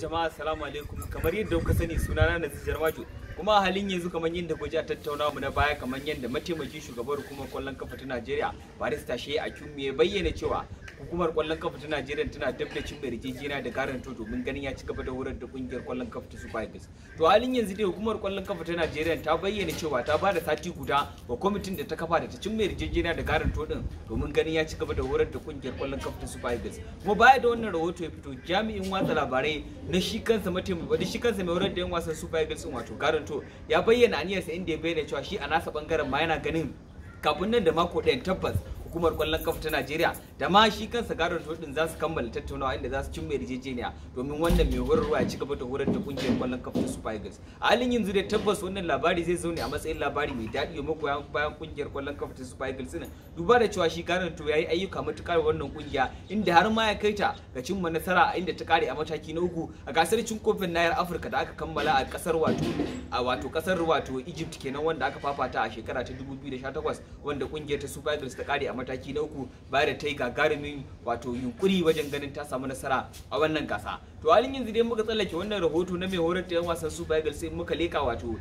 jama'a assalamu alaikum kamar yadda kuka sani sunana na majo kuma halin yanzu kamar yadda ku a tattaunawa mu na baya kamar yadda mataimakin shugabar hukumar kwallon kafa ta Najeriya barista Shehu Akinmu ya bayyana cewa hukumar kwallon kafa ta Najeriya tana dab da cin da to domin ganin ya ci gaba da horar da kungiyar kwallon kafa ta Super Eagles to halin yanzu dai hukumar kwallon kafa ta Najeriya ta bayyana cewa ta da sati guda wa kwamitin da ta kafa da ta cin yarjejeniya da to din domin ganin ya ci gaba da horar da kungiyar kwallon kafa ta Super kuma baya da wannan rahoto ya fito jami'in watsa labarai na shi kansa mataimaki shi kansa mai horar da yan wasan Super Eagles din wato to ya bayyana aniyarsa inda ya bayyana cewa shi a nasa bangaren ma yana ganin kafin nan da mako ɗayan tabbas hukumar kwallon kafa ta Najeriya da ma shi kansa gadon din za su kammala tattaunawa inda za su cimma yarjejeniya domin wannan mai ruwa ya ci gaba da horar da kungiyar kwallon kafa ta Super Eagles. A halin yanzu da tabbas wannan labari zai zo ne a matsayin labari mai daɗi ga magoya bayan kungiyar kwallon kafa ta Super Eagles din duba da cewa shi gadon to yayi ayyuka matukar wannan kungiya inda har ma ya kai ta ga cimma nasara inda ta kare a mataki na uku a gasar cin kofin nayar Afirka da aka kammala a kasar wato a wato kasar wato Egypt kenan wanda aka fafata a shekara ta 2018 wanda kungiyar ta Super Eagles ta kare a mataki na uku bayan da ta yi gagarumin wato yunkuri wajen ganin ta samu nasara a wannan gasa to halin yanzu dai muka tsallake wannan rahoto na mai horar da yan wasan su eagles sai muka leka wato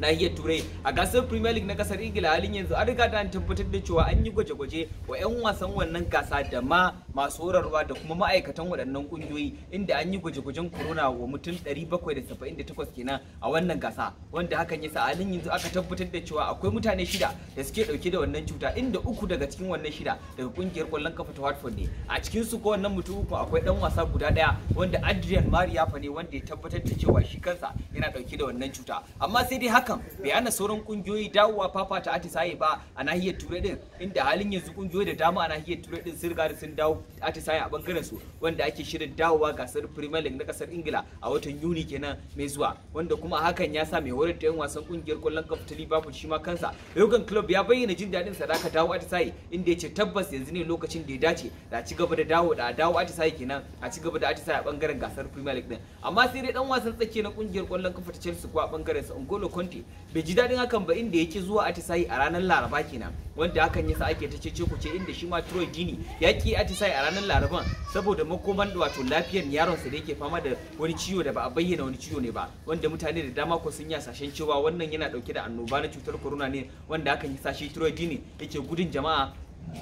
nahiyar turai a gasar premier league na kasar ingila halin yanzu an riga da tabbatar da cewa an yi gwaje-gwaje wa 'yan wasan wannan gasa da ma masu horarwa da kuma ma'aikatan waɗannan ƙungiyoyi inda an yi gwaje-gwajen corona wa mutum 778 kenan a wannan gasa wanda hakan sa halin yanzu aka tabbatar da cewa akwai mutane shida da suke ɗauke da wannan cuta inda uku daga cikin wannan shida daga ƙungiyar kwallon kafa ta Watford ne a cikin su ko wannan mutum uku akwai ɗan wasa guda ɗaya wanda Adrian Mariafa ne wanda ya tabbatar da cewa shi kansa yana ɗauke da wannan cuta amma sai dai haka hakan bai ana sauran kungiyoyi dawowa fafata atisaye ba a nahiyar turai din inda halin yanzu kungiyoyi da dama a nahiyar turai din sun riga sun dawo atisaye a bangaren su wanda ake shirin dawowa gasar premier league na kasar ingila a watan yuni kenan mai zuwa wanda kuma hakan ya sa mai horar da yan wasan kungiyar kwallon kafa ta liverpool shi ma kansa yogan club ya bayyana jin daɗin sadaka dawo atisaye inda ya ce tabbas yanzu ne lokacin da ya dace da ci gaba da dawo da dawo atisaye kenan a ci gaba da atisaye a bangaren gasar premier league din amma sai dai dan wasan tsakiya na kungiyar kwallon kafa ta chelsea a bangaren sa ngolo conte ake bai ji daɗin hakan ba inda yake zuwa atisayi a ranar laraba kenan wanda hakan yasa ake ta cece ce inda shi ma Troy Gini ya ki atisayi a ranar laraban saboda makoman wato lafiyar yaron sa da yake fama da wani ciwo da ba a bayyana wani ciwo ne ba wanda mutane da dama ko sun yi hasashen cewa wannan yana dauke da annoba na cutar corona ne wanda hakan yasa shi Troy Gini yake gudun jama'a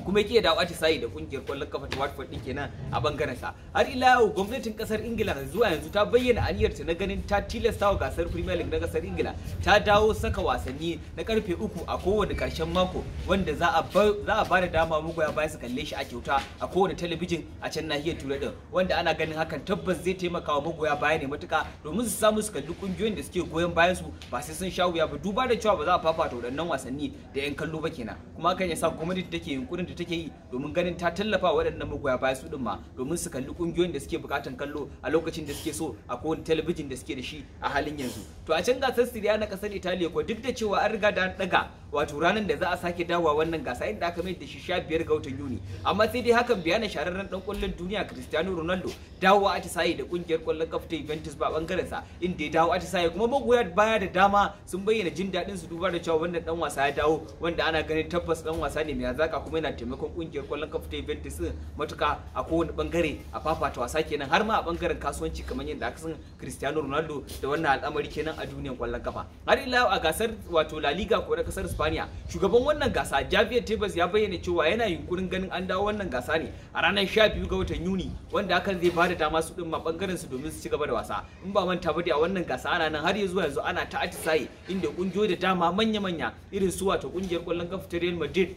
kuma yake dawo sai da kungiyar kwallon kafa ta Watford din kenan a bangaren sa har ila yau gwamnatin kasar Ingila zuwa yanzu ta bayyana ta na ganin ta tilasta wa gasar Premier League na kasar Ingila ta dawo saka wasanni na karfe uku a kowane karshen mako wanda za a za a bada dama magoya bayan su kalle shi a kyauta a kowane talabijin a can nahiyar Turai din wanda ana ganin hakan tabbas zai taimaka wa magoya baya ne matuka domin su samu su kalli kungiyoyin da suke goyon bayan su ba sai sun sha wuya ba duba da cewa ba za a fafata waɗannan wasanni da 'yan kallo ba kenan kuma hakan yasa gwamnati take yin yunkurin da take yi domin ganin ta tallafa waɗannan magoya baya su ma domin su kalli kungiyoyin da suke bukatan kallo a lokacin da suke so a kowane talabijin da suke da shi a halin yanzu to a can gasar Siriya na kasar Italiya ko duk da cewa an riga da an daga wato ranar da za a sake dawowa wannan gasa inda aka mai da shi biyar ga watan Yuni amma sai dai hakan bayanin shahararren dan kwallon duniya Cristiano Ronaldo dawowa atisaye da ƙungiyar kwallon kafa ta Juventus ba bangaren sa inda ya dawo atisaye kuma magoya baya da dama sun bayyana jin daɗin su duba da cewa wannan dan wasa ya dawo wanda ana ganin tabbas dan wasa ne mai hazaka kuma kuma yana taimakon kungiyar kwallon kafa ta Juventus matuka a kowane bangare a fafata wasa kenan har ma a bangaren kasuwanci kamar yadda aka san Cristiano Ronaldo da wannan al'amari kenan a duniyar kwallon kafa har ila a gasar wato La Liga ko da kasar Spaniya shugaban wannan gasa Javier Tebas ya bayyana cewa yana yunkurin ganin an dawo wannan gasa ne a ranar 12 ga watan Yuni wanda hakan zai bada dama su din ma bangaren su domin su ci gaba da wasa in ba manta ba dai a wannan gasa ana nan har yanzu yanzu ana ta atisaye inda kungiyoyi da dama manya-manya irin su wato kungiyar kwallon kafa ta Real Madrid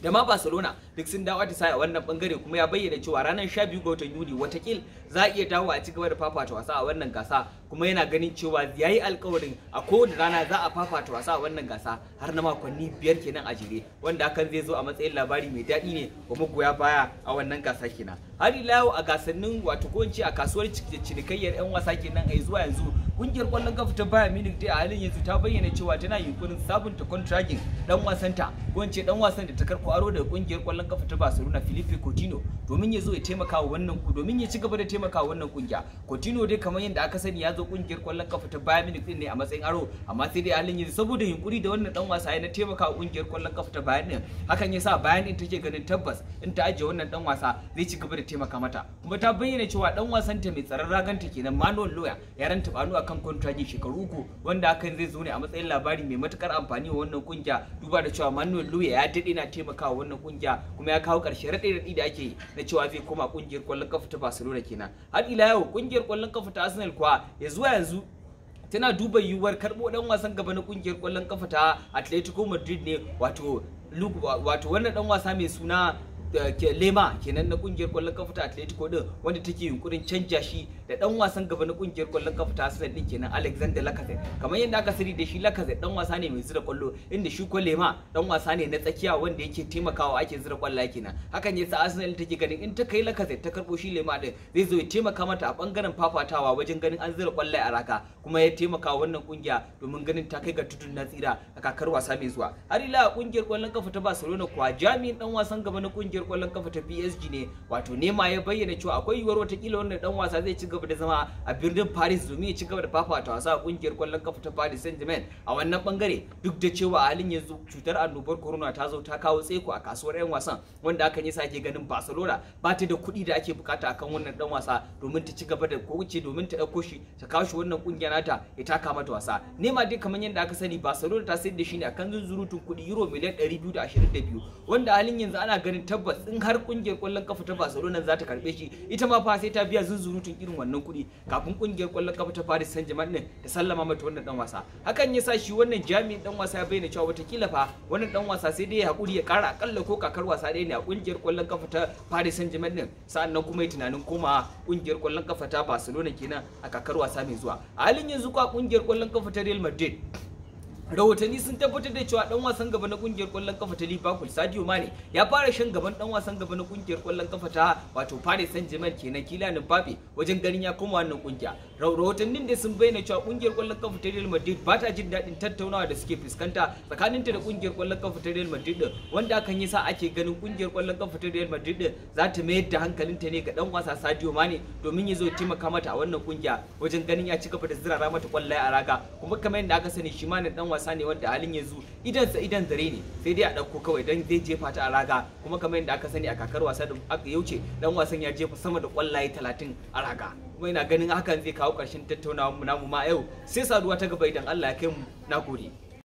da ma Barcelona duk sun dawo ta a wannan bangare kuma ya bayyana cewa ranar 12 ga watan Yuni watakil za a iya dawo a ci gaba da fafata wasa a wannan gasa kuma yana ganin cewa ya yi alkawarin a kowane rana za a fafata wasa a wannan gasa har na makonni biyar kenan a jire wanda hakan zai zo a matsayin labari mai daɗi ne wa magoya baya a wannan gasa kenan har ila yau a gasannin wato ko a kasuwar cinikayyar 'yan wasa kenan a zuwa yanzu kungiyar kwallon kafa ta bayan Munich dai a halin yanzu ta bayyana cewa tana yunkurin sabunta kontragin dan wasan ta ko dan wasan da ta karko aro daga kungiyar kwallon kafa ta Barcelona filipe Coutinho domin ya zo ya taimaka wa wannan ku domin ya ci gaba da taimaka wannan kungiya Coutinho dai kamar yadda aka sani ya zo kungiyar kwallon kafa ta Bayern Munich din ne a matsayin aro amma sai dai halin yanzu saboda yunkuri da wannan dan wasa na taimaka wa kungiyar kwallon kafa ta Bayern din hakan yasa Bayern din take ganin tabbas in ta ajiye wannan dan wasa zai ci gaba da taimaka mata kuma ta bayyana cewa dan wasan ta mai tsaron raganta kenan Manuel Neuer ya ranta banu akan kontragi shekaru uku wanda hakan zai zo ne a matsayin labari mai matukar amfani wa wannan kungiya duba da cewa Manuel Neuer ya dade na taimakawa wannan kungiya kuma ya kawo karshe raɗe da ake na cewa zai koma kungiyar kwallon kafa ta Barcelona kenan har ila yau kungiyar kwallon kafa ta Arsenal kuwa ya zuwa yanzu tana duba yiwuwar karbo dan wasan gaba na kungiyar kwallon kafa ta Atletico Madrid ne wato wato wannan dan wasa mai suna lema kenan na kungiyar kwallon kafa ta Atletico din wanda take yunkurin canja shi da dan wasan gaba na kungiyar kwallon kafa ta Arsenal din kenan Alexander Lacazette kamar yadda aka sani da shi Lacazette dan wasa ne mai zura kwallo inda shi ko lema dan wasa ne na tsakiya wanda yake taimakawa ake zura kwallaye kenan hakan yasa Arsenal take ganin in ta kai Lacazette ta karbo shi lema din zai zo ya taimaka mata a bangaren fafatawa wajen ganin an zira kwallaye a raka kuma ya taimaka wannan kungiya domin ganin ta kai ga tudun na tsira a kakar wasa mai zuwa har ila kungiyar kwallon kafa ta Barcelona kwa jami'in dan wasan gaba na kungiyar kungiyar kwallon kafa ta PSG ne wato Neymar ya bayyana cewa akwai yiwuwar watakila wannan dan wasa zai ci gaba da zama a birnin Paris domin ya ci gaba da fafata wasa a kungiyar kwallon kafa ta Paris Saint-Germain a wannan bangare duk da cewa a halin yanzu cutar annobar corona ta zo ta kawo tseko a kasuwar 'yan wasan wanda hakan sa ake ganin Barcelona ba ta da kuɗi da ake bukata akan wannan dan wasa domin ta ci gaba da wuce domin ta dauko shi ta kawo shi wannan kungiya nata ya taka mata wasa Neymar dai kamar yadda aka sani Barcelona ta sayar da shi ne akan zunzurutun kuɗi euro miliyan 222 wanda a halin yanzu ana ganin tabbas tabbas in har kungiyar kwallon kafa ta Barcelona za ta karbe shi ita ma fa sai ta biya zunzurutun irin wannan kuɗi kafin kungiyar kwallon kafa ta Paris Saint-Germain din ta sallama mata wannan dan wasa hakan ya sa shi wannan jami'in dan wasa ya bayyana cewa watakila fa wannan dan wasa sai dai ya hakuri ya kara akalla ko kakar wasa ɗaya ne a kungiyar kwallon kafa ta Paris Saint-Germain din sa'annan kuma ya tunanin koma kungiyar kwallon kafa ta Barcelona kenan a kakar wasa mai zuwa a halin yanzu kwa kungiyar kwallon kafa ta Real Madrid rahotanni sun tabbatar da cewa dan wasan gaba na kungiyar kwallon kafa ta Liverpool Sadio Mane ya fara shan gaban dan wasan gaba na kungiyar kwallon kafa ta wato Paris Saint-Germain kenan Kylian Mbappe wajen ganin ya koma wannan kungiya rahotannin da sun bayyana cewa kungiyar kwallon kafa ta Real Madrid ba ta jin daɗin tattaunawa da suke fuskanta tsakaninta da kungiyar kwallon kafa ta Real Madrid din wanda hakan yasa ake ganin kungiyar kwallon kafa ta Real Madrid din za ta mayar da hankalin ta ne ga dan wasa Sadio Mane domin ya zo taimaka mata a wannan kungiya wajen ganin ya ci gaba da zirara mata kwallaye a raga kuma kamar yadda aka sani shi Mane dan wasa ne wanda halin yanzu idan sa idan zare ne sai dai a dauko kawai dan zai jefa ta a raga kuma kamar yadda aka sani a kakar wasa da aka yauce dan wasan ya jefa sama da kwallaye 30 a kuma ina ganin hakan zai kawo ƙarshen tattaunawa mu namu ma yau sai saduwa ta gaba idan Allah ya kai mu na nagode